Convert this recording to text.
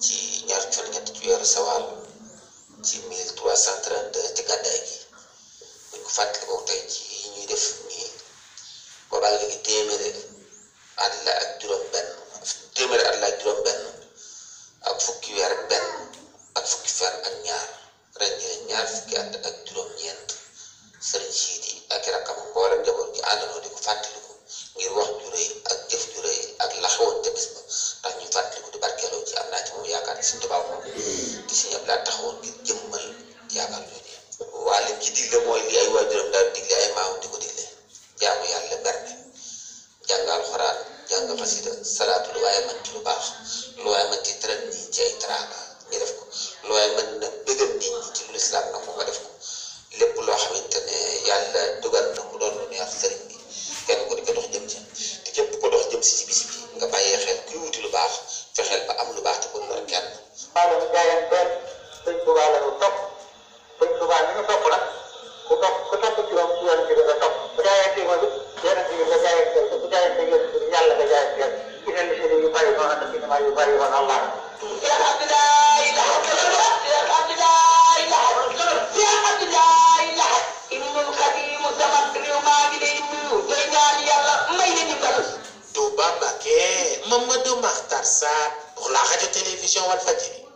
ci ñaar col ñett ci weeru sawaal ci 1332 ci gàddaay gi buñ ko fàttali ko tey ci ñuy def nii boobaa léegi téeméeri at la ak juróom benn téeméeri at ak juróom benn ak fukki weer ak benn ak fukki fan ak ñaar ren ji ñaar fukki at ak juróom ñeent sëriñ siit yi ak i rakkam mboolem njaboot gi àndandoo di ko ngir wax te si ñëpp daa taxawoon ngir jëmmal yaakaar jooju waa lim ci digle di ko digle jaamu yàlla berne jàng alxuraan jàng xasida salaatu lu waaye mën ci lu baax lu waaye mën ci tëral lu waaye mën na bëggal nit ñi ci lu lislaam na ko nga def ko lépp loo xamante ne yàlla dugal na mu doon lu neex sëriñ bi kenn ko di ko dox jëm ci te képp ko dox jëm si ci bis bi nga bàyyee xel kuy lu baax fexeel ba am lu baax te ko maa ngi jaayanteel sëñ Tuubaa la ñu topp sëñ Tuubaa li ñu topp nag ku topp ku topp ci moom ci yoon bi nga topp bu jaayantee mooy yeneen bi nga jaayanteel te bu jaayantee yéen bi yàlla nga jaayanteel ci ne li yu bari noonu ak ci yu bari woon Allah Touba Mbacké Mamadou Makhtar Sarr pour la radio télévision Walfadjri